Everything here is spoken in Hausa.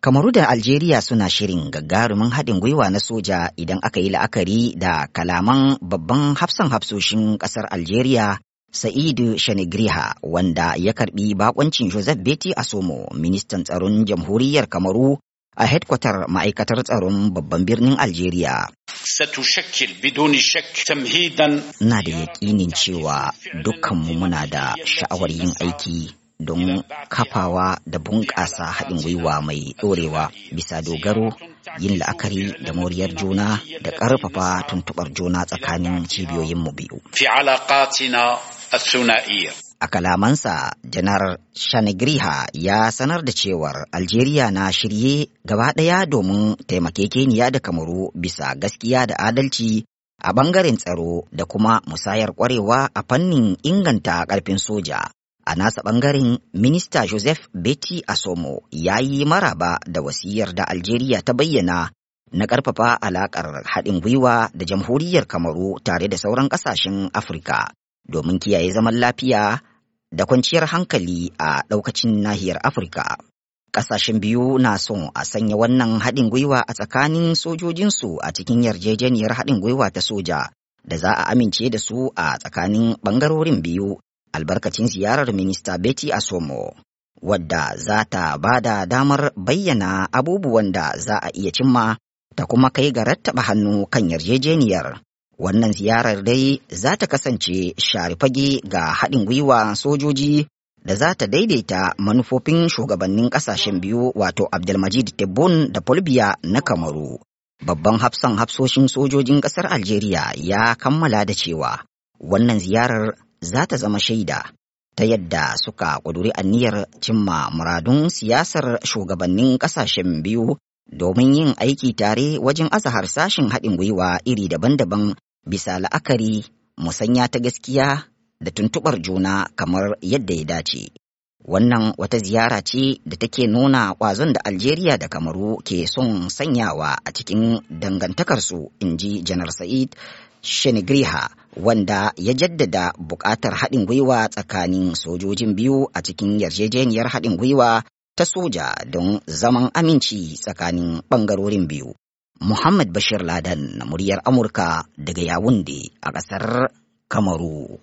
Kamaru da Algeria suna shirin gagarumin haɗin gwiwa na soja idan aka yi la'akari da kalaman babban hafsan hafsoshin ƙasar Algeria Sa'idu Shanigriha wanda ya karbi bakoncin Joseph Beti Asomo ministan tsaron jamhuriyar Kamaru a hedkwatar ma'aikatar tsaron babban birnin Algeria. Na da yaƙinin cewa dukkanmu muna da sha'awar yin aiki don kafawa da bunƙasa haɗin gwiwa mai ɗorewa bisa dogaro yin la'akari da moriyar juna da ƙarfafa tuntuɓar juna tsakanin cibiyoyinmu biyu. A kalamansa, Janar Shanigriha ya sanar da cewar Algeria na shirye gaba ɗaya domin taimakekeniya da kamaru bisa gaskiya da adalci a ɓangaren tsaro da kuma musayar ƙwarewa a fannin inganta ƙarfin soja. a nasa bangaren minista joseph Betty asomo ya yi maraba da wasiyar da algeria ta bayyana na ƙarfafa alaƙar haɗin gwiwa da jamhuriyar kamaru tare da sauran ƙasashen afirka domin kiyaye zaman lafiya da kwanciyar hankali a ɗaukacin nahiyar afirka ƙasashen biyu na son a sanya wannan haɗin gwiwa a tsakanin sojojinsu a cikin yarjejeniyar haɗin gwiwa ta soja da za a amince da su a tsakanin ɓangarorin biyu albarkacin ziyarar minista Betty Asomo wadda za ta ba da damar bayyana abubuwan da za a iya cimma ta kuma kai ga rattaba hannu kan yarjejeniyar. Wannan ziyarar dai za ta kasance sharifage ga haɗin gwiwa sojoji da za ta daidaita manufofin shugabannin ƙasashen biyu wato Abdulmajid Tebboune da Fulbiya na Kamaru. Babban hafsan hafsoshin sojojin ƙasar Algeria ya kammala da cewa wannan ziyarar za ta zama shaida ta yadda suka ƙuduri aniyar cimma muradun siyasar shugabannin ƙasashen biyu domin yin aiki tare wajen aza harsashin haɗin gwiwa iri daban-daban bisa la'akari musanya ta gaskiya da tuntuɓar juna kamar yadda ya dace. Wannan wata ziyara ce da take nuna ƙwazon da Algeria da Kamaru ke son sanyawa a cikin dangantakarsu, in ji Janar Sa'id Shenigriha, wanda ya jaddada buƙatar haɗin gwiwa tsakanin sojojin biyu a cikin yarjejeniyar haɗin gwiwa ta soja don zaman aminci tsakanin ɓangarorin biyu. Muhammad Bashir Ladan na muryar Amurka daga Yawunde a ƙasar Kamaru.